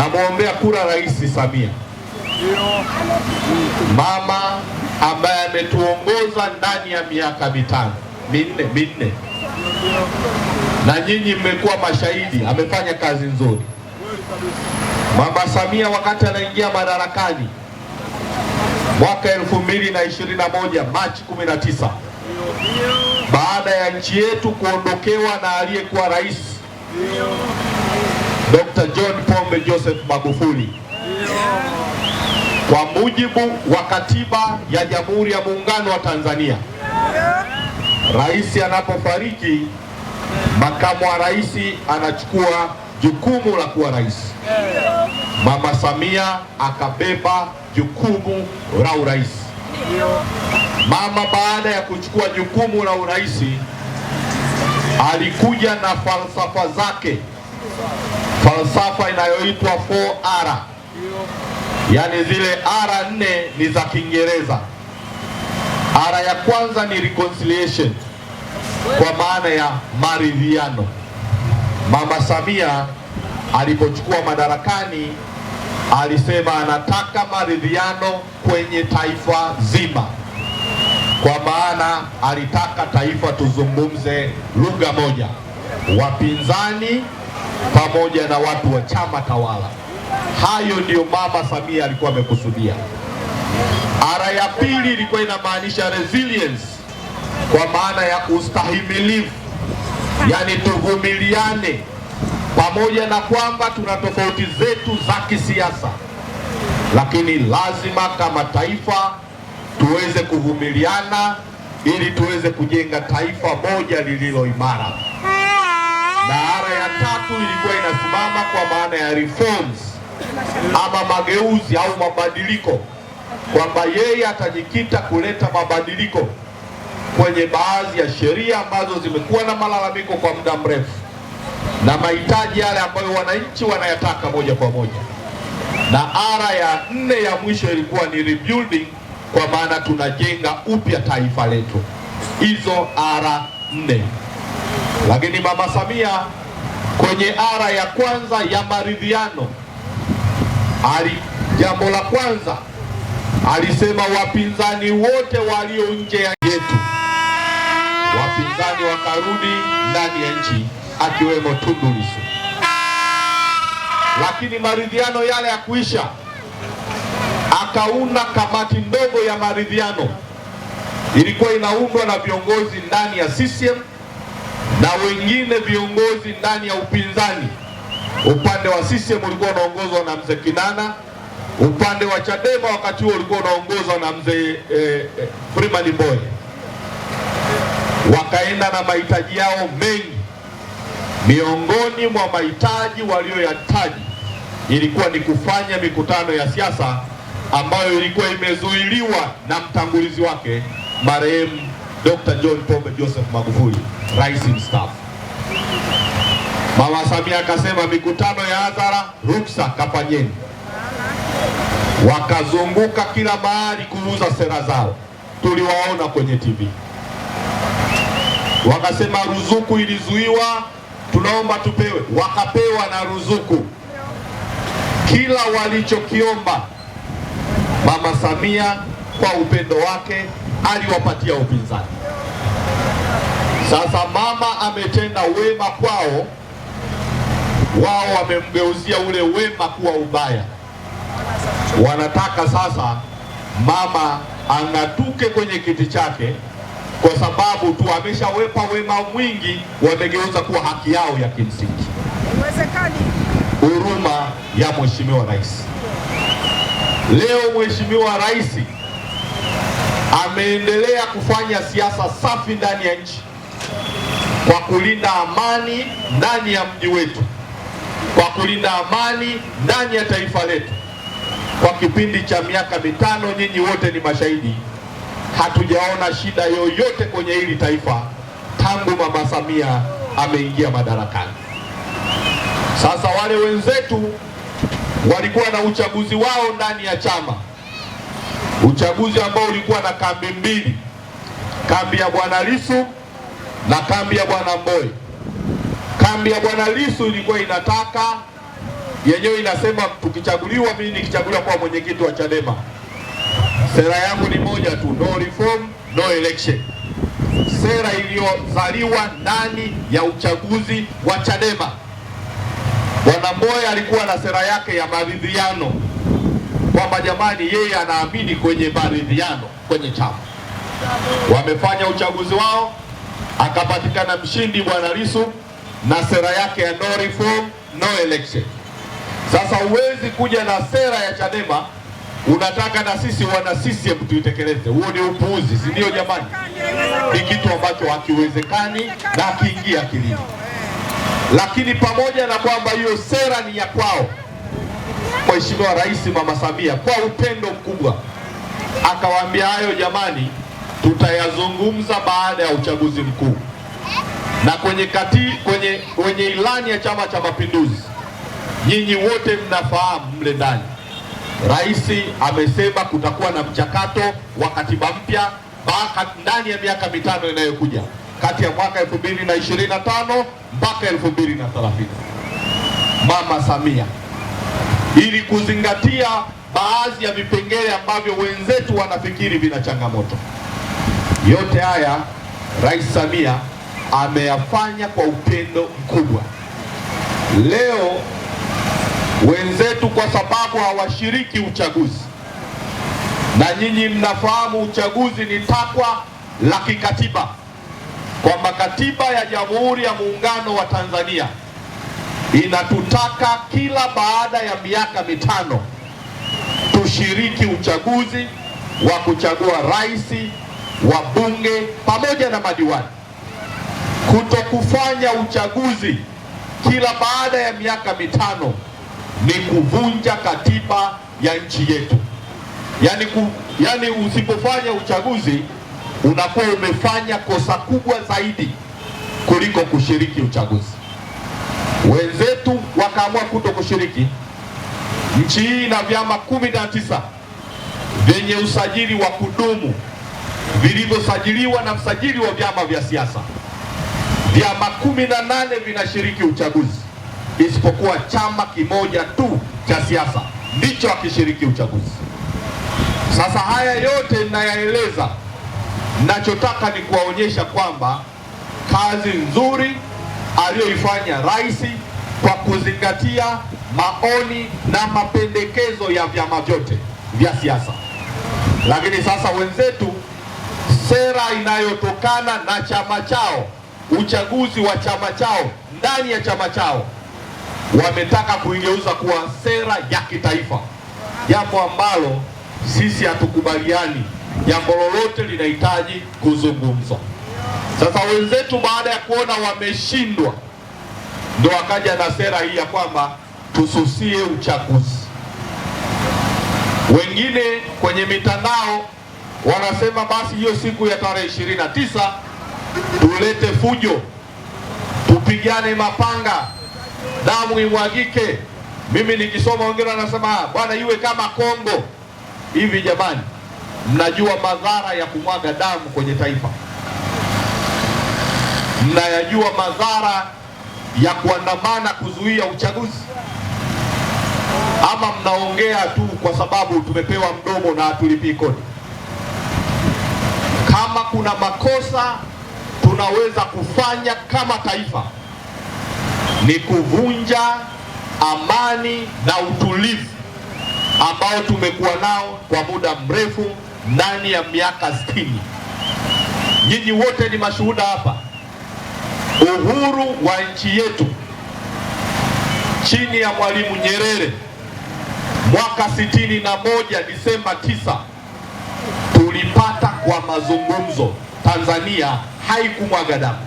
namwombea kura Rais Samia, mama ambaye ametuongoza ndani ya miaka mitano minne minne, na nyinyi mmekuwa mashahidi, amefanya kazi nzuri mama Samia. Wakati anaingia madarakani mwaka elfu mbili na ishirini na moja Machi 19 baada ya nchi yetu kuondokewa na aliyekuwa rais Dr. John Pombe Joseph Magufuli kwa mujibu wa katiba ya Jamhuri ya Muungano wa Tanzania. Rais anapofariki, makamu wa rais anachukua jukumu la kuwa rais. Mama Samia akabeba jukumu la urais. Mama baada ya kuchukua jukumu la urais alikuja na falsafa zake falsafa inayoitwa 4R, yaani zile R nne ni za Kiingereza. R ya kwanza ni reconciliation, kwa maana ya maridhiano. Mama Samia alipochukua madarakani alisema anataka maridhiano kwenye taifa zima, kwa maana alitaka taifa tuzungumze lugha moja, wapinzani pamoja na watu wa chama tawala. Hayo ndiyo Mama Samia alikuwa amekusudia. Ara ya pili ilikuwa inamaanisha resilience kwa maana ya ustahimilivu, yaani tuvumiliane, pamoja na kwamba tuna tofauti zetu za kisiasa, lakini lazima kama taifa tuweze kuvumiliana ili tuweze kujenga taifa moja lililo imara ara ya tatu ilikuwa inasimama kwa maana ya reforms ama mageuzi au mabadiliko, kwamba yeye atajikita kuleta mabadiliko kwenye baadhi ya sheria ambazo zimekuwa na malalamiko kwa muda mrefu na mahitaji yale ambayo wananchi wanayataka moja kwa moja. Na ara ya nne ya mwisho ilikuwa ni rebuilding, kwa maana tunajenga upya taifa letu. Hizo ara nne. Lakini Mama Samia kwenye ara ya kwanza ya maridhiano ali, jambo la kwanza alisema wapinzani wote walio nje ya yetu, wapinzani wakarudi ndani ya nchi, akiwemo Tundu Lissu. Lakini maridhiano yale ya kuisha, akaunda kamati ndogo ya maridhiano, ilikuwa inaundwa na viongozi ndani ya CCM na wengine viongozi ndani ya upinzani. Upande wa CCM ulikuwa unaongozwa na mzee Kinana, upande wa Chadema wakati huo ulikuwa unaongozwa na mzee eh, eh, Freeman Mbowe. Wakaenda na mahitaji yao mengi. Miongoni mwa mahitaji walioyataji ilikuwa ni kufanya mikutano ya siasa ambayo ilikuwa imezuiliwa na mtangulizi wake marehemu Dr. John Pombe Joseph Magufuli, rais mstaafu. Mama Samia akasema mikutano ya hadhara ruksa, kafanyeni. Wakazunguka kila mahali kuuza sera zao, tuliwaona kwenye TV. Wakasema ruzuku ilizuiwa, tunaomba tupewe. Wakapewa na ruzuku, kila walichokiomba. Mama Samia kwa upendo wake aliwapatia upinzani. Sasa mama ametenda wema kwao, wao wamemgeuzia ule wema kuwa ubaya. Wanataka sasa mama ang'atuke kwenye kiti chake, kwa sababu tu ameshawepa wema mwingi, wamegeuza kuwa haki yao ya kimsingi. Huruma ya Mheshimiwa Rais. Leo Mheshimiwa Rais ameendelea kufanya siasa safi ndani ya nchi kwa kulinda amani ndani ya mji wetu, kwa kulinda amani ndani ya taifa letu. Kwa kipindi cha miaka mitano, nyinyi wote ni mashahidi, hatujaona shida yoyote kwenye hili taifa tangu Mama Samia ameingia madarakani. Sasa wale wenzetu walikuwa na uchaguzi wao ndani ya chama uchaguzi ambao ulikuwa na kambi mbili, kambi ya bwana lisu na kambi ya bwana Mbowe. Kambi ya bwana lisu ilikuwa inataka yenyewe, inasema tukichaguliwa, mimi nikichaguliwa kuwa mwenyekiti wa Chadema, sera yangu ni moja tu, no reform no election, sera iliyozaliwa ndani ya uchaguzi wa Chadema. Bwana mboye alikuwa na sera yake ya maridhiano kwamba jamani, yeye anaamini kwenye maridhiano kwenye chama. Wamefanya uchaguzi wao, akapatikana mshindi bwana Lissu na sera yake ya no reform no election. Sasa huwezi kuja na sera ya Chadema unataka na sisi wana CCM tuitekeleze. Huo ni upuuzi, si ndio jamani? Ni kitu ambacho hakiwezekani na hakiingia akilini. Lakini pamoja na kwamba hiyo sera ni ya kwao Mheshimiwa Rais Mama Samia kwa upendo mkubwa akawaambia hayo, jamani, tutayazungumza baada ya uchaguzi mkuu. Na kwenye kati, kwenye, kwenye ilani ya Chama cha Mapinduzi, nyinyi wote mnafahamu mle ndani, Rais amesema kutakuwa na mchakato wa katiba mpya ndani ya miaka mitano inayokuja kati ya mwaka 2025 mpaka 2030. Mama Samia ili kuzingatia baadhi ya vipengele ambavyo wenzetu wanafikiri vina changamoto. Yote haya Rais Samia ameyafanya kwa upendo mkubwa. Leo wenzetu kwa sababu hawashiriki uchaguzi, na nyinyi mnafahamu uchaguzi ni takwa la kikatiba, kwamba katiba ya Jamhuri ya Muungano wa Tanzania inatutaka kila baada ya miaka mitano tushiriki uchaguzi wa kuchagua rais, wabunge pamoja na madiwani. Kutokufanya uchaguzi kila baada ya miaka mitano ni kuvunja katiba ya nchi yetu. Yaani ku, yani usipofanya uchaguzi unakuwa umefanya kosa kubwa zaidi kuliko kushiriki uchaguzi wenzetu wakaamua kuto kushiriki. Nchi hii ina vyama kumi na tisa vyenye usajili wa kudumu vilivyosajiliwa na msajili wa vyama vya siasa. Vyama kumi na nane vinashiriki uchaguzi isipokuwa chama kimoja tu cha siasa ndicho akishiriki uchaguzi. Sasa haya yote ninayaeleza, ninachotaka ni kuwaonyesha kwamba kazi nzuri aliyoifanya rais kwa kuzingatia maoni na mapendekezo ya vyama vyote vya siasa. Lakini sasa wenzetu, sera inayotokana na chama chao, uchaguzi wa chama chao, ndani ya chama chao, wametaka kuigeuza kuwa sera ya kitaifa, jambo ambalo sisi hatukubaliani. Jambo lolote linahitaji kuzungumzwa. Sasa wenzetu baada ya kuona wameshindwa, ndo akaja na sera hii ya kwamba tususie uchaguzi. Wengine kwenye mitandao wanasema basi hiyo siku ya tarehe ishirini na tisa tulete fujo, tupigane mapanga, damu imwagike. Mimi nikisoma wengine wanasema ah, bwana, iwe kama Kongo hivi. Jamani, mnajua madhara ya kumwaga damu kwenye taifa? mnayajua madhara ya kuandamana kuzuia uchaguzi, ama mnaongea tu kwa sababu tumepewa mdomo na hatulipii kodi? Kama kuna makosa tunaweza kufanya kama taifa ni kuvunja amani na utulivu ambao tumekuwa nao kwa muda mrefu ndani ya miaka sitini. Nyinyi wote ni mashuhuda hapa uhuru wa nchi yetu chini ya Mwalimu Nyerere mwaka sitini na moja Disemba tisa tulipata kwa mazungumzo. Tanzania haikumwaga damu.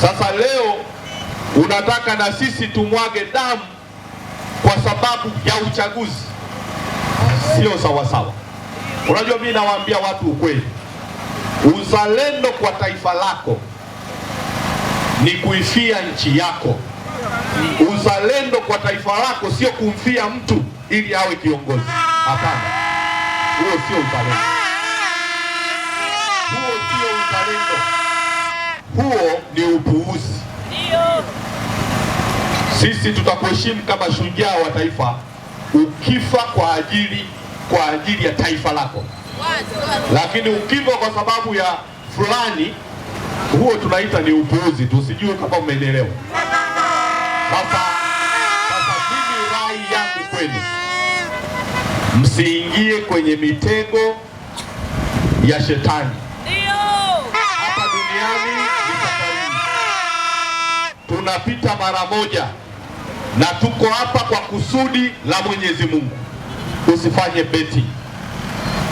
Sasa leo unataka na sisi tumwage damu kwa sababu ya uchaguzi? Sio sawasawa. Unajua, mimi nawaambia watu ukweli, uzalendo kwa taifa lako ni kuifia nchi yako. Uzalendo kwa taifa lako sio kumfia mtu ili awe kiongozi. Hapana, huo sio uzalendo, huo sio uzalendo, huo ni upuuzi. Sisi tutakuheshimu kama shujaa wa taifa ukifa kwa ajili kwa ajili ya taifa lako, lakini ukifa kwa sababu ya fulani huo tunaita ni upuuzi tu, sijui kama umenielewa. Sasa sasa, mimi rai yangu kwenu, msiingie kwenye mitego ya shetani hapa duniani. Tunapita mara moja na tuko hapa kwa kusudi la Mwenyezi Mungu. Usifanye beti.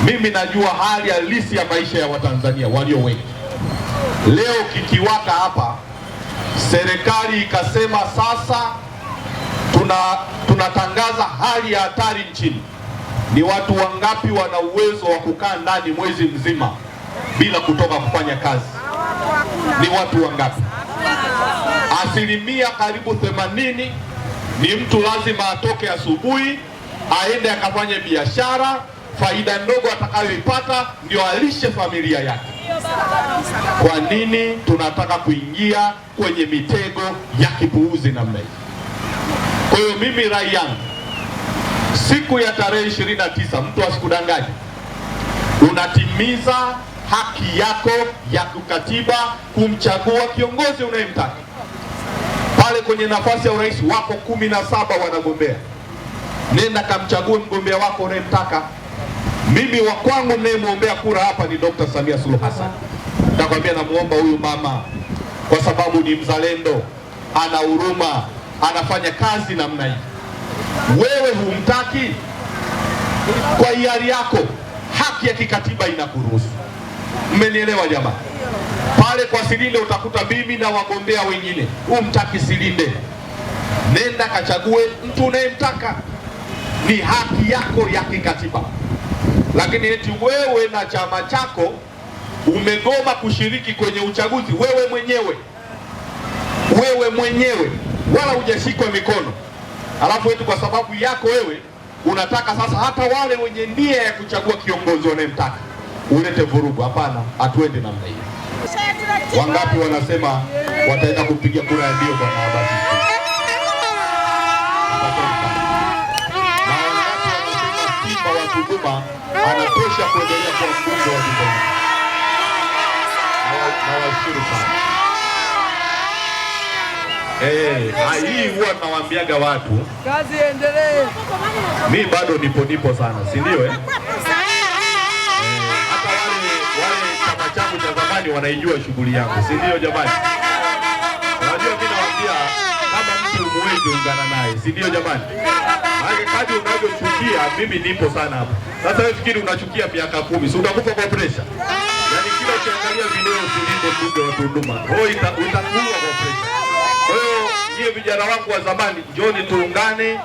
Mimi najua hali halisi ya maisha ya Watanzania walio wengi Leo kikiwaka hapa, serikali ikasema sasa tuna tunatangaza hali ya hatari nchini. Ni watu wangapi wana uwezo wa kukaa ndani mwezi mzima bila kutoka kufanya kazi? Ni watu wangapi? Asilimia karibu themanini. Ni mtu lazima atoke asubuhi aende akafanye biashara, faida ndogo atakayoipata ndio alishe familia yake. Kwa nini tunataka kuingia kwenye mitego ya kipuuzi namna hii? Kwa hiyo mimi rai yangu siku ya tarehe 29, mtu asikudanganye, unatimiza haki yako ya kikatiba kumchagua kiongozi unayemtaka. Pale kwenye nafasi ya urais wako kumi na saba wanagombea, nenda kamchague mgombea wako unayemtaka. Mimi wa kwangu ninayemwombea kura hapa ni Dr. Samia Suluhu Hassan. Nakwambia, namwomba huyu mama kwa sababu ni mzalendo, ana huruma, anafanya kazi namna hii. Wewe humtaki kwa hiari yako, haki ya kikatiba inakuruhusu. Mmenielewa jamaa? Pale kwa Silinde utakuta mimi na wagombea wengine, humtaki Silinde, nenda kachague mtu unayemtaka, ni haki yako ya kikatiba lakini eti wewe na chama chako umegoma kushiriki kwenye uchaguzi. Wewe mwenyewe, wewe mwenyewe, wala hujashikwa mikono, alafu eti kwa sababu yako wewe unataka sasa hata wale wenye nia ya kuchagua kiongozi wanayemtaka ulete vurugu. Hapana, hatuende namna hiyo. Wangapi wanasema wataenda kupiga kura ya ndio kwa Abbas? Dodoma anatosha kuendelea kwa mbunge wa Dodoma. Nawashukuru sana. Eh, ah, hii huwa nawaambiaga watu kazi endelee. Mi bado nipo nipo sana, si ndio? Eh? eh, hata wale wale chama changu cha zamani wanaijua shughuli yangu, si ndio jamani? Unajua nawaambia kama mtu ungana naye, si ndio jamani? kadri unavyochukia mimi nipo sana hapa. Sasa wewe fikiri unachukia miaka kumi, si utakufa kwa pressure? Yaani kila ukiangalia video kuliko mbunge wa Tunduma itakuwa kwa pressure. Kwa hiyo nyie vijana wangu wa zamani, njoni tuungane,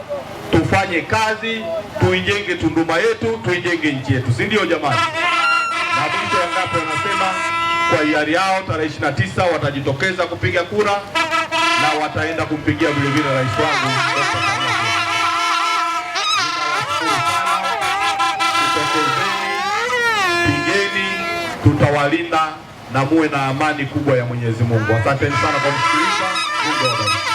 tufanye kazi, tuijenge Tunduma yetu, tuijenge nchi yetu, si ndio jamani? Na mwisho wangapo wanasema kwa hiari yao tarehe 29 watajitokeza kupiga kura na wataenda kumpigia vile vile rais wangu kuwalinda na muwe na amani kubwa ya Mwenyezi Mungu. Asanteni sana kwa kusikiliza. Mungu awabariki.